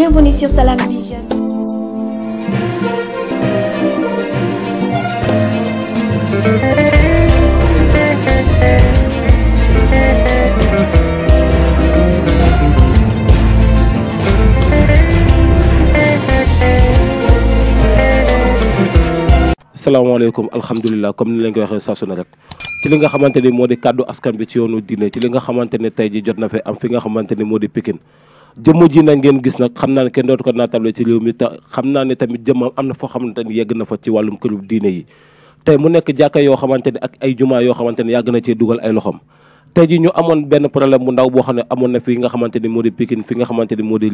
Bienvenue sur Salam comme ni leen ko waxee saa su ne rek ci li nga xamante ni moo di kàddu askan bi ci yoonu diine ci li nga xamante ne tey ji jot na fi am fi nga xamante ni moo di Pikine jëmm ji nag ngeen gis nag xam naa ne kenn dootu ko naatable ci réew mi te xam naa ne tamit jëmmam am na foo xamante ni yegg na fa ci wàllum këru diine yi tey mu nekk jàkka yoo xamante ne ak ay jumaa yoo xamante ne yàgg na cee dugal ay loxoom tey ji ñu amoon benn problème bu ndaw boo xam ne amoon na fi nga xamante ni moo di Pikine fi nga xamante ni moo di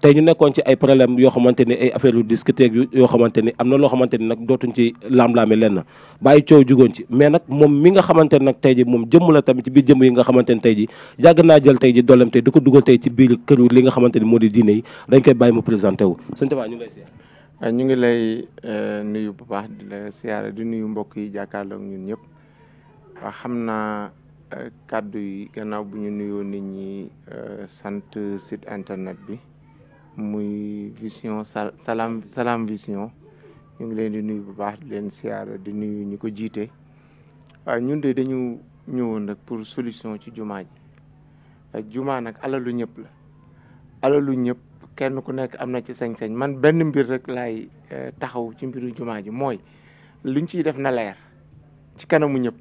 tey ñu nekkoon ci ay problème yoo xamante ni ay affaire yu discuté yoo xamante am na loo xamante ni nag dootuñ ci laam-laame lenn bàyyi coow jugoon ci mais nag moom mi nga xamante ne nag tey ji moom jëmm la tamit ci biir jëmm yi nga xamante ni tey ji yàgg naa jël tey ji dooleem tey di ko dugal tey ci biir kër li nga xamante ni moo di diine yi dañ koy bay mu présenté wu sëñ ngi lay siyaare ñu ngi lay ah, euh, nuyu bu di la siyaare mbokk yi jàkkaarloo ñun ñëpp ah, xam naa Euh, kàddu yi gannaaw bu ñu nuyoo nit ñi euh, sant site internet bi muy vision salaam salaam vision ñu ngi leen di nuyu bu baax leen siyaara di nuyu ñu ko jiite waaw ñun de dañu ñëwoon nag pour solution ci jumaa ji ak euh, jumaa nag alalu ñëpp la alalu ñëpp kenn ku nekk am na ci sañ-sañ man benn mbir rek laay taxaw ci mbiru jumaa mooy luñ ciy def na leer ci kanamu ñëpp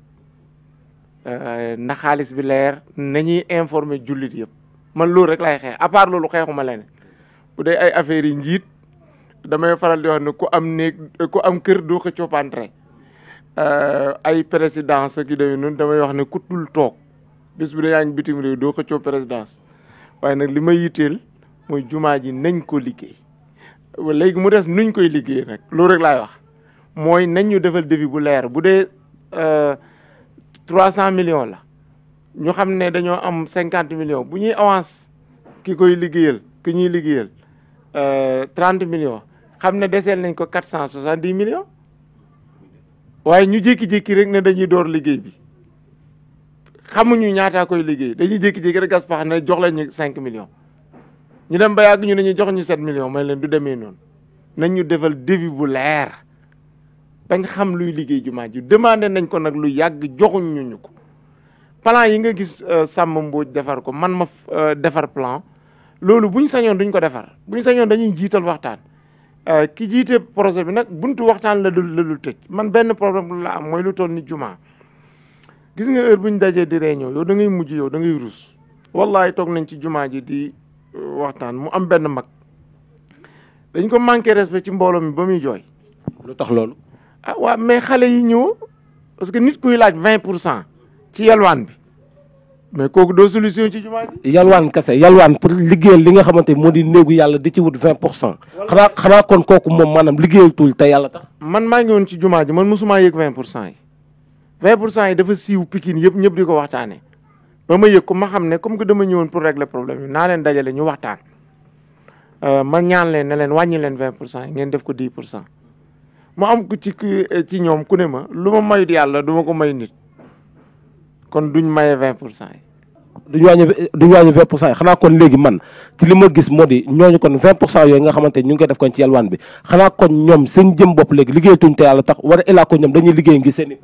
Euh, na xaalis bi leer nañuy informer jullit yëpp man loolu rek lay xeex à part loolu xeexuma leneen bu dee ay affaires yi njiit damay faral di wax ne ku am néeg ku am kër doo ko coppantre euh, ay présidence ki demee noonu damay wax ne ku tul toog bis bu dee yaa ngi bitim réew doo ko coo présidence waaye nag li may yitteel mooy jumaa ji nañ ko liggéey léegi mu des nuñ koy liggéey nag loolu rek lay wax mooy nañ ñu defal devis bu leer bu dee euh, trois cent million la ñu xam ne dañoo am cinquante million bu ñuy avance ki koy liggéeyal ki ñuy liggéeyal euh, trente million xam ne deseel nañ ko quatre cent soixante dix millions waaye ñu jékki-jékki rek ne dañuy door liggéey bi xamuñu ñaataa koy liggéey dañuy jékki-jékki rek gas pax ne jox leen ñu cinq millions ñu dem ba yàgg ñu na ñu jox ñu sept million may leen du demee noonu nañ ñu defal début bu leer. bañ xam luy liggéey jumaa ji demandé nañ ko nag lu yàgg joxuñ ñu ñu ko plan yi nga gis euh, sàmm mbooj defar ko man ma euh, defar plan loolu buñ sañoon duñ ko defar buñ sañoon dañuy jiital waxtaan euh, ki jiite projet bi nag buntu waxtaan la dul la tëj man benn problème la am mooy lu toll ni jumaa gis nga heure buñ dajee di réunion yow da ngay mujj yow da ngay rus wallahi toog nañ ci jumaa ji di waxtaan mu am benn mag dañ ko manqué respect ci mbooloo mi ba muy jooy tax loolu ah waaw mais xale yi ñëw parce que nit ku laaj vingt pour cent ci yalwaan bi mais kooku doo solution ci jumaa ji yalwaan kese yalwaan pur liggéeyal li nga xamante moo di néegu yàlla di ci wut vingt pour cent xanaa kon kooku moom maanaam liggéeyal tuul te yàlla tax man maa ngi woon ci jumaa ji man mosumaa yëg vingt pour cent yi vingt pour cent yi dafa siiw Pikine yëpp ñëpp di ko waxtaanee ba ma yëg ko ma xam ne comme que dama ñëwoon pour régler problème yi naa leen dajale ñu waxtaan euh, ma ñaan leen ne leen wàññi leen vingt pour cent ngeen def ko dix pour cent mu am ko ci eh, ci ñoom ku ne ma lu ma mayut yàlla du ma ko may nit kon duñ maye vingt pour cent yi. duñ wàññi duñ wàññi vingt pour cent yi xanaa kon léegi man ci li ma gis moo di ñooñu kon vingt pour cent yooyu nga xamante ñu ngi koy def ci yalwaan bi xanaa kon ñoom seen jëm bopp léegi liggéeyatuñ te yàlla tax war a ilaa ko ñoom dañuy liggéey ngir seen i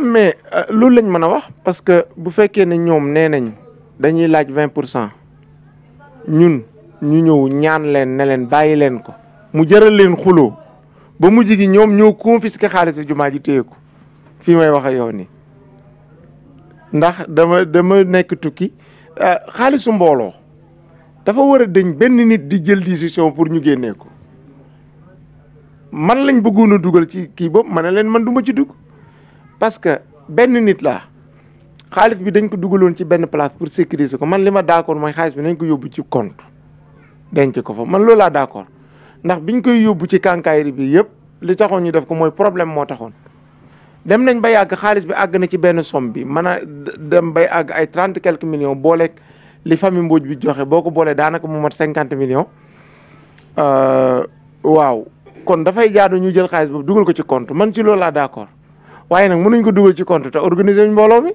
mais euh, loolu lañ mën a wax parce que bu fekkee ne ñoom nee nañ dañuy laaj vingt pour cent ñun ñu ñëw ñaan leen ne leen bàyyi leen ko mu jëral leen xuloo ba mu gi ñoom ñoo confisqué xaalis bi jumaa ji téye ko fii may wax ak yow ndax dama dama nekk tukki ah, xaalisu mbooloo dafa war a dëñ benn nit di jël décision pour ñu génnee ko man lañ bëggoon a dugal ci kii boobu man ne leen man duma ci dugg parce que benn nit laa xaalis bi dañ ko dugaloon ci benn place pour sécuriser ko man li ma d'accord mooy xaalis bi nañ ko yóbbu ci compte denc ko fa man loolu laa d'accord ndax biñ koy yóbbu ci kànkaayri bi yëpp li taxoon ñu def ko mooy problème moo taxoon dem nañ bay yàgg xaalis bi àgg na ci benn somme bi mën a dem bay àgg ay trente quelques millions booleeg li famille mbooj bi joxe boo ko boolee daanaka mu mat cinquante millions euh, waaw kon dafay jaadu ñu jël xaalis boobu dugal ko ci compte man ci loolu laa d'accord waaye nag mënuñ ko dugal ci compte te organiser mbooloo mi.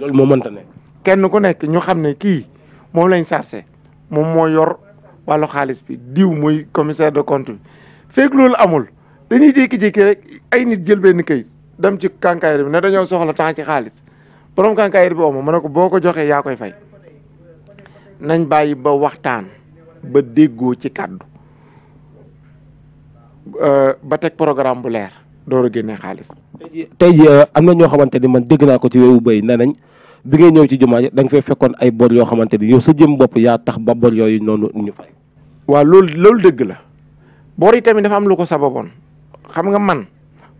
loolu moo mënta ne. kenn ku nekk ñu xam ne kii moom lañ sarse moom moo yor wàllu xaalis bi diw muy commissaire de compte bi amul. dañuy jékki-jékki rek ay nit jël benn kayit dem ci kànkaayar bi ne dañoo soxla temps ci xaalis borom kànkaayar bi omo mën a ko boo ko joxee yaa koy fay nañ bàyyi ba waxtaan ba déggoo ci kàddu euh, ba teg programme bu leer door a génnee xaalis. te jii euh, am na ñoo xamante ni man dégg naa ko ci wewu béy nee nañ bi ngay ñëw ci jumaa ji da nga fay fekkoon ay bor yoo xamante ni yow sa jëm bopp yaa tax ba bor yooyu noonu ñu fay. waaw loolu loolu dëgg la bor tamit dafa am lu ko sababoon. xam nga man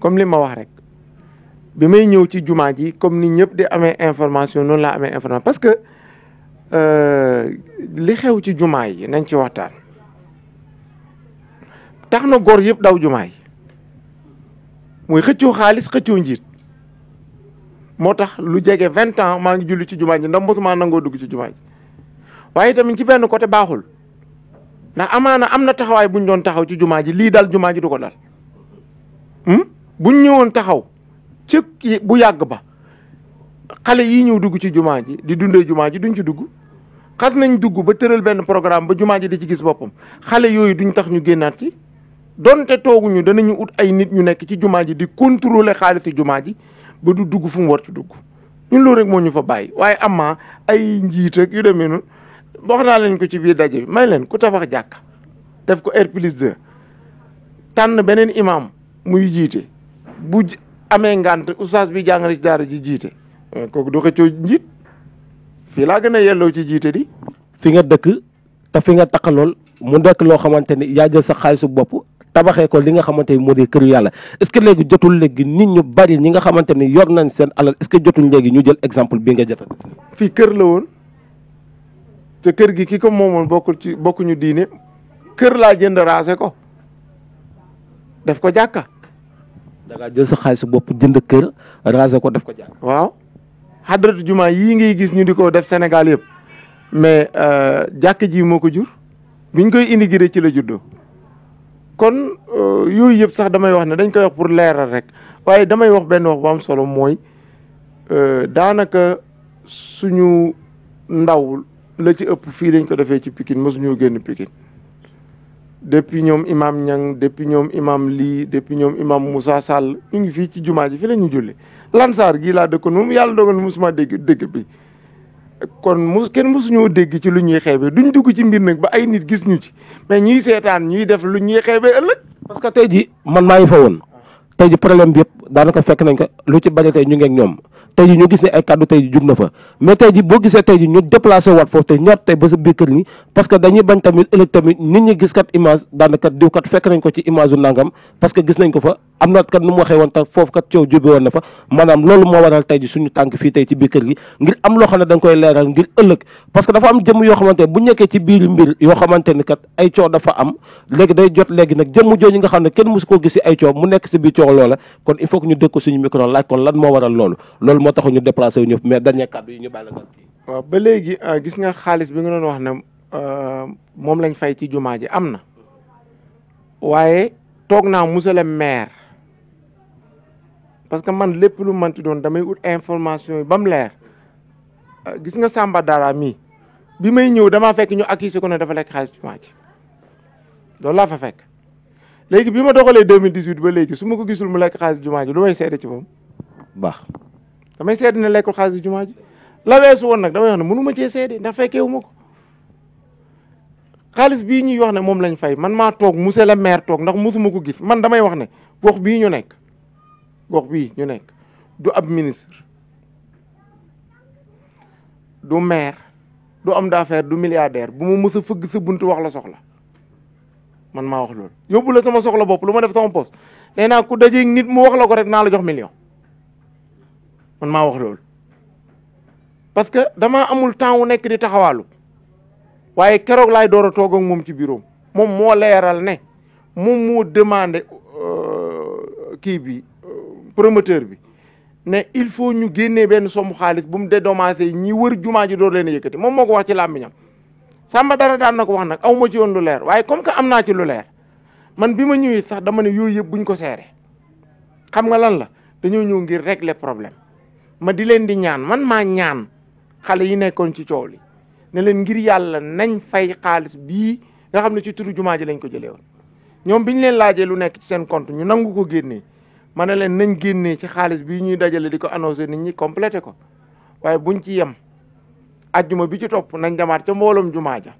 comme li ma wax rek bi may ñëw ci jumaa ji comme ni ñëpp di amee information noonu amee information parce que euh, li xew ci jumaa yi nañ ci waxtaan tax na góor yëpp daw jumaay yi muy xëccoo xaalis xëccoo njiit moo tax lu jege vingt ans maa ngi julli ci jumaa ji ndax mosuma nangoo dugg ci jumaa ji waaye tamit ci benn côté baaxul ndax amaana am na taxawaay buñ doon taxaw ci jumaa ji lii daal jumaa ji du ko dal Hmm? buñ ñëwoon taxaw ci bu yàgg ba xale yi ñëw dugg ci jumaa ji di dundee jumaa ji duñ ci dugg xas nañ dugg ba tëral benn programme ba jumaa ji di ci gis boppam xale yooyu duñ tax ñu génnaat ci donte tooguñu danañu ut ay nit ñu nekk ci jumaa ji di contrôler xaalisi jumaa ji ba du dugg fu mu war ci dugg ñun loolu rek moo ñu fa bàyyi waaye amaa ay njiit ak yu demee noonu wax naa leen ko ci biir daje bi may leen ku tabax jàkka def ko R plus 2 tànn beneen imam muy jiite bu amee ngant oustaz bi jàngale ci daara ji jiite eh, kooku du xëccoo njiit fii laa gën a yelloo ci jiite di fi nga dëkk te fi nga takkalool mu nekk loo xamante ni yaa jël sa xaalisu bopp tabaxee ko li nga xamante ni moo di këru yàlla est-ce que léegi jotul léegi nit ñu bari ñi nga xamante ni yor nañ seen alal est-ce que jotul léegi ñu jël exemple bi nga jotal fii kër la woon te kër gi ki ko moomoon bokkul ci bokkuñu diine kër laa jënd raase ko def ko jàkka da jël sa xaalisu bopp jënd kër raser ko def ko jaay. waaw xadratu jumaa yii ngay gis ñu di ko def Sénégal yëpp mais euh, jàkk ji moo ko jur biñ koy indi intégré ci la juddoo kon euh, yooyu yëpp sax damay wax ne dañ koy wax pour leeral rek waaye damay wax benn wax bu am solo mooy euh, daanaka suñu ndaw la ci ëpp fii dañ ko defee ci Pikine mosuñu génn Pikine depuis ñoom imaam Niang depuis ñoom imaam lii depuis ñoom imam Moussa Sall ñu ngi fii ci jumaa ji fi la ñu julli lansaar gi laa dëkkoon moom yàlla dogal mosuma dégg dëgg bi kon mos kenn mosuñoo dégg ci lu ñuy xeebe ñu dugg ci mbir nag ba ay nit gis ñu ci mais ñuy seetaan ñuy def lu ñuy xeebe ëllëg parce que tey ji man maa ngi fa woon tey ji problème bi yëpp daanaka fekk nañ ko lu ci bañ a tey ñu ngi ñoom tey ji ñu gis ne ay kàddu tey ji jug na fa mais tey ji boo gisee tey ji ñu déplacé waat foofu tey ñaat tey ba sa biir kër ñi parce que dañuy bañ tamit ëllëg tamit nit ñi gis kat image daanaka diw kat fekk nañ ko ci image nangam parce que gis nañ ko fa am na kat nu mu waxee woon tam foofu kat coow jóge woon na fa maanaam loolu moo waral tey ji suñu tànk fii tey ci biir kër gi ngir am loo xam ne da nga koy leeral ngir ëllëg parce que dafa am jëmm yoo xamante ne bu nekkee ci biir mbir yoo xamante ni kat ay coow dafa am léegi day jot léegi nag jëmm jooju nga xam ne kenn mosu koo gis si ay coow mu nekk si biir coow loola kon il faut que ñu dëkk ko suñu micro laaj kon lan moo waral loolu loolu moo tax ñu déplacé wu ñëpp mais dernier kàddu ñu bàyyi la léegi euh, gis nga xaalis bi nga doon wax ne euh, moom lañ fay ci jumaa ji am na waaye toog naa monsieur le maire parce que man lépp lu manti doon damay ut information yi ba leer ah, gis nga Samba Dara mii bi may ñëw damaa fekk ñu accusé ko ne dafa lekk xaalis jumaa ji loolu laa fa fekk léegi bi ma doxalee 2018 ba léegi su ma ko gisul mu lekk xaalis jumaa ji lu may seede ci moom baax damay seede ne lekkul xaalis jumaa ji woon nag damay wax ne mënu ma cee seede ndax fekkee wu ma ko xaalis bii ñuy wax ne moom lañ fay man maa toog monsieur le maire toog ndax mosuma ko gis man damay wax ne gox bii ñu nekk gox bii ñu nekk du ab ministre du maire du am d'affaires du milliardaire bu mu mës a fëgg sa wax la soxla man maa wax lool yóbbu la sama soxla bopp lu ma def sama poste nee naa ku dajeeg nit mu wax la ko rek naa la jox million man maa wax loolu parce que damaa amul temps wu nekk di taxawaalu waaye keroog laay door a toog ak moom ci bureau moom moo leeral ne moom moo demandé euh, kii bi. promoteur bi ne il faut ñu génnee benn somme xaalis bu mu dédommagé ñi wër jumaa ji doo leen a yëkkati moom moo ko wax ci làmmiñam Samba dara daan na ko wax nag aw ma ci woon lu leer waaye comme que am naa ci lu leer man bi ma ñëwee sax dama ne yooyu yëpp buñ ko seere xam nga lan la dañoo ñëw ngir régler problème ma di leen di ñaan man maa ñaan xale yi nekkoon ci coow li ne leen ngir yàlla nañ fay xaalis bii nga xam ne ci turu jumaa ji lañ ko jëlee woon ñoom bi leen laajee lu nekk ci seen compte ñu nangu ko génnee ma ne leen nañ génnee ci xaalis bi ñuy dajale di ko annoncé nit ñi complété ko waaye buñ ci yem ajjuma bi ci topp nañ demaat ca mbooloom jumaa ja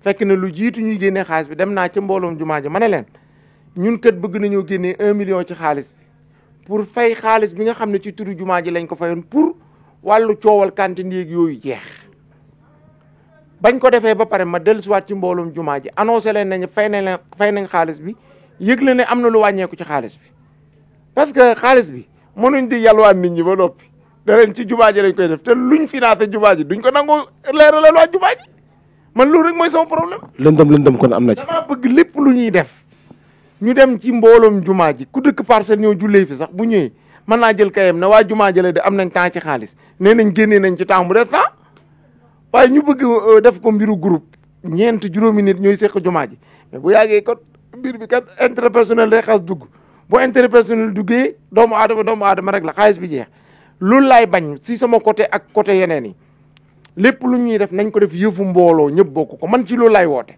fekk ne lu jiitu ñuy génnee xaalis bi dem naa ca mbooloom jumaa ja ma ne leen ñun kët bëgg nañu génnee un million ci xaalis bi pour fay xaalis bi nga xam ne ci turu jumaa ji lañ ko fayoon pour wàllu coowal kanti ndéeg yooyu jeex bañ ko defee ba pare ma dellusiwaat ci mbooloom jumaa ji annoncé leen nañ fay nañ leen fay nañ xaalis bi yëgle ne am na lu wàññeeku ci xaalis bi parce que xaalis bi mënuñ di yalwaan nit ñi ba noppi da leen ci jubaa ji lañ koy def te luñ financé jubaa ji duñ ko nangu leeralal waa jubaa man loolu rek mooy sama problème. lëndëm lëndëm kon am na ci. damaa bëgg lépp lu ñuy def ñu dem ci mbooloom jumaa ji ku dëkk parcelle ñëw jullee fi sax bu ñëwee mën naa jël kayam ne waa jumaa ji de am nañ temps ci xaalis nee nañ génnee nañ ci temps mu def temps waaye ñu bëgg euh, def ko mbiru groupe ñeent juróomi nit ñooy seq jumaa ji biir bi kat intérêt personnel day xas dugg boo intérêt personnel duggee doomu aadama doomu aadama rek la xaalis bi jeex loolu laay bañ si sama côté ak côté yeneen yi lépp lu ñuy def nañ ko def yëfu mbooloo ñëpp bokk ko man ci loolu laay woote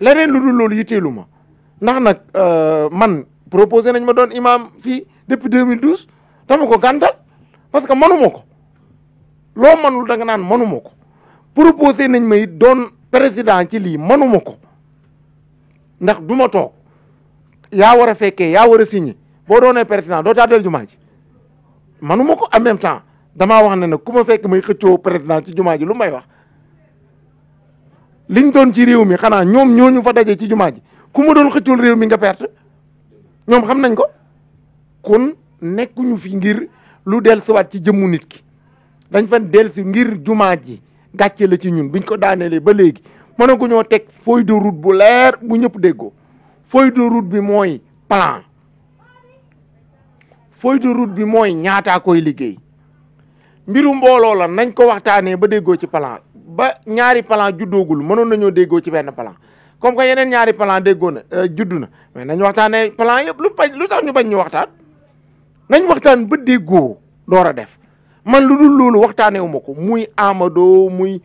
leneen lu dul loolu yitteelu ma ndax nag euh, man proposé nañ ma doon imam fii depuis 2012 dama ko gàntal parce que manuma ko loo manul da nga naan manuma ko proposé nañ ma it doon président ci lii manuma ko ndax du ma toog yaa war a fekkee yaa war a signé boo doonee président doo taa del jumaa ji manuma ko en même temps damaa wax ne nag ku ma fekk may xëccoo président ci jumaa ji lu may wax liñ doon ci réew mi xanaa ñoom ñooñu fa daje ci jumaa ji ku ma doon xëccul réew mi nga perte ñoom xam nañ ko kon nekkuñu fi ngir lu del siwaat ci jëmmu nit ki dañ fan del si ngir jumaa ji gàcce la ci ñun biñ ko daanelee ba léegi mën na ko ñoo teg feuille de route bu leer bu ñëpp déggoo feuille de route bi mooy plan feuille de bi mooy ñaataa koy liggéey mbirum mbooloo la nañ ko waxtaanee ba déggoo ci plan ba ñaari plan juddoogul mënoon nañoo déggoo ci benn plan comme que yeneen ñaari plan déggoo na euh, juddu na mais nañ waxtaanee plan yëpp lu bañ lu tax ñu bañ ñu waxtaan nañ waxtaan ba déggoo door a def man lu dul loolu waxtaanee wu ko muy Amadou muy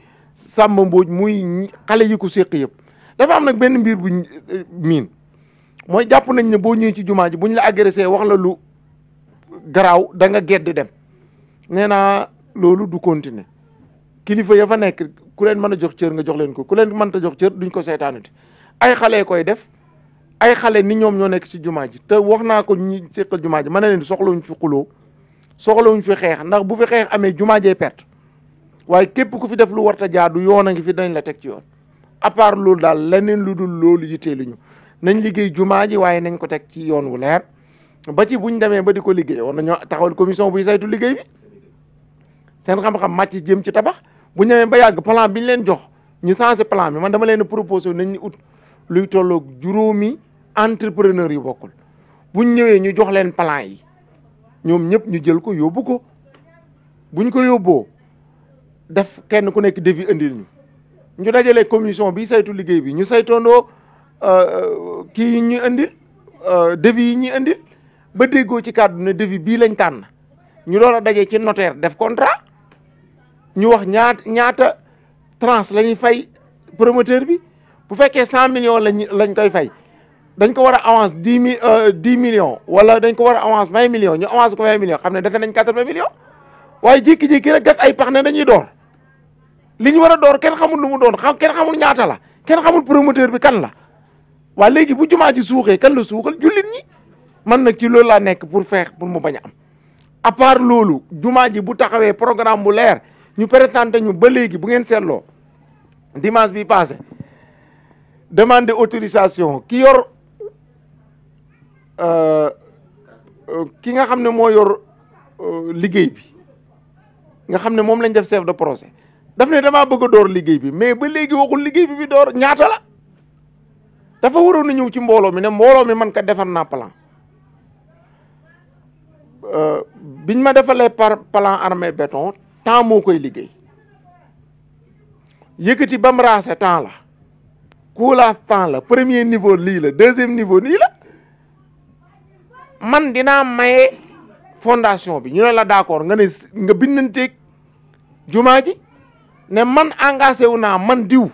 Samba Mbodj muy xale yi séq yëpp dafa am nag benn mbir bu euh, miin mooy jàpp nañ ne boo ñëwee ci jumaa ji buñ la agressé wax la lu garaaw da nga gedd dem nee naa loolu du continuer kilifa ya fa nekk ku leen mën a jox cër nga jox leen ko ku leen a jox cër duñ ko seetaanati ay xale koy def ay xale ni ñoom ñoo nekk ci jumaa ji te wax naa ko ñi seqal jumaa ji mën na leen soxlawuñ fi xuloo soxlawuñ fi xeex ndax bu fi xeex amee jumaa jee perte waaye képp ku fi def lu warta jaadu yoon a ngi fi dañ la teg ci yoon à part leneen lu dul loolu yitteeluñu nañ liggéey jumaa ji waaye nañ ko teg ci yoon wu leer ba ci buñ demee ba di ko liggéey war nañoo taxawal commission buy saytu liggéey bi seen xam-xam màcc jëm ci tabax bu ñëwee ba yàgg plan biñ leen jox ñu changé plan bi man dama leen proposé nañ ñu ut luy tolloog juróomi entrepreneur yi bokkul buñ ñëwee ñu jox leen plan yi ñoom ñëpp ñu jël ko yóbbu ko buñ ko yóbboo def kenn ku nekk devis indil ñu ñu dajale commission bi saytu liggéey bi ñu saytondoo Euh, kii yi ñuy indil euh, devis yi ñuy indil ba déggoo ci kàddu ne devis bii lañ tànn ñu door a dajee ci notaire def contrat ñu wax ñaata ñaata tranche la ñuy fay promoteur bi bu fekkee cent millions lañ lañ koy fay dañ ko war a avance dix mi euh, dix millions wala dañ ko war a avance vingt millions ñu avance ko vingt millions xam ne defe nañ quatre-vingts millions waaye jékki-jékki gat ay pax ne dañuy door li ñu war a door kenn xamul lu mu doon xam kenn xamul ñaata la kenn xamul promoteur bi kan la waa léegi bu jumaa ji suuxee kan la suuxal jullit ñi man na ci loolu laa nekk pour feex pour mu bañ a am à part loolu jumaa ji bu taxawee programme bu leer ñu présenté ñu ba léegi bu ngeen seetloo dimanche bi passé demande autorisation ki yor euh, euh, ki nga xam ne moo yor euh, liggéey bi nga xam ne moom lañ def chef de projet daf ne damaa bëgg door liggéey bi mais ba léegi waxul liggéey bi bi door ñaata dafa waroon a ñëw ci mbooloo mi ne mbooloo mi man ka defar naa plan euh, biñ ma defalee par plan armé beton temps moo koy liggéey yëkkati ba mu raase temps la coulage temps la premier niveau lii la deuxième niveau nii la man dinaa maye fondation bi ñu ne la d'accord nga ne nga bindanteeg jumaa ji ne man engagé wu naa man diw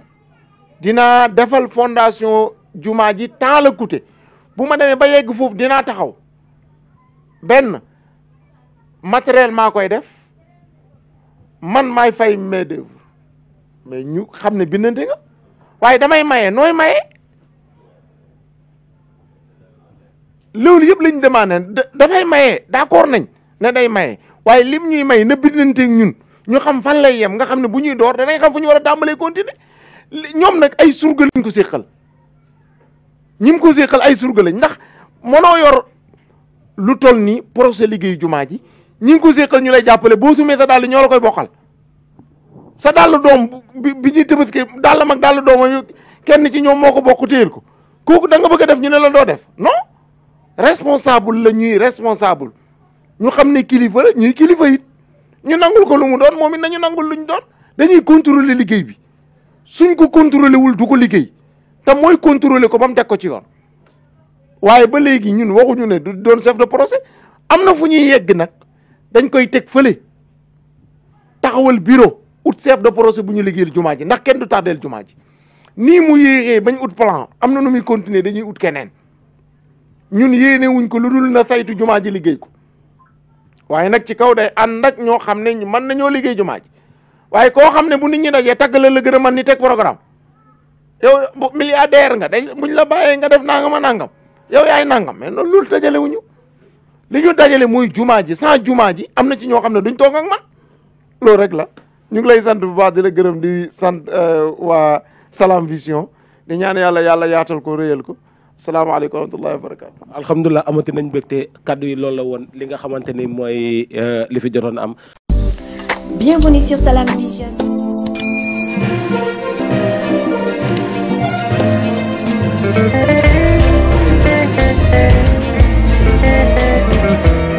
dinaa defal fondation jumaa ji temps la coûté bu ma demee ba yegg foofu dinaa taxaw benn matériel maa koy def man maay fay main d'œuvre mais ñu xam ne bindante nga waaye damay maye nooy maye loolu yëpp lañ demandé dafay maye d'accord nañ ne day maye waaye lim ñuy may na bindanteeg ñun ñu xam fan lay yem nga xam ne bu ñuy door danañ xam fu ñu war a tàmbalee continuer ñoom nag ay surga lañ ko séqal ñi ko séqal ay surga lañ ndax mënoo yor lu toll nii procès liggéeyu jumaa ji ñi ko séqal ñu lay jàppale boo sumee sa dàll ñoo la koy bokkal sa dàll doom bi bi ñuy tëbaski dàll mag dàll doom kenn ci ñoom moo ko bokk téyel ko kooku da nga bëgg a def ñu ne la doo def non responsable la ñuy responsable ñu xam ne kilifa la ñuy kilifa it ñu nangul ko lu mu doon moom it nañu nangul lu ñu doon dañuy contrôler liggéey bi suñ ko contrôler wul du ko liggéey te mooy contrôler ko ba mu teg ko ci yoon waaye ba léegi ñun waxuñu ne du doon chef de procès am na fu ñuy yegg nag dañ koy teg fële taxawal bureau ut chef de procès bu ñu liggéeyal jumaa ji ndax kenn du tardeel jumaa ji nii mu yéexee bañ ut plan am na nu muy continuer dañuy ut keneen ñun yéene wuñ ko lu dul na saytu jumaa ji liggéey ko waaye nag ci kaw day ànd ak ñoo xam ne mën nañoo liggéey jumaa ji waaye koo xam ne bu nit ñi dajee tàggal la gën a mën ni teg programme yow bu milliardaire nga dañ buñ la bàyyee nga def nangam a nangam yow yaay nangam mais noonu loolu dajale wuñu li ñu dajale muy jumaa ji sans jumaa ji am na ci ñoo xam ne duñ toog ak man loolu rek la ñu ngi lay sant bu baax di la gërëm di sant euh, waa salaam Vision di ñaan yàlla yàlla yaatal ko réyal ko salaamaaleykum wa rahmatullahi wa barakatu alhamdulilah amati nañ bégte kàddu yi loolu la woon li nga xamante ni mooy euh, li fi jotoon am bienvenue sur Thank you.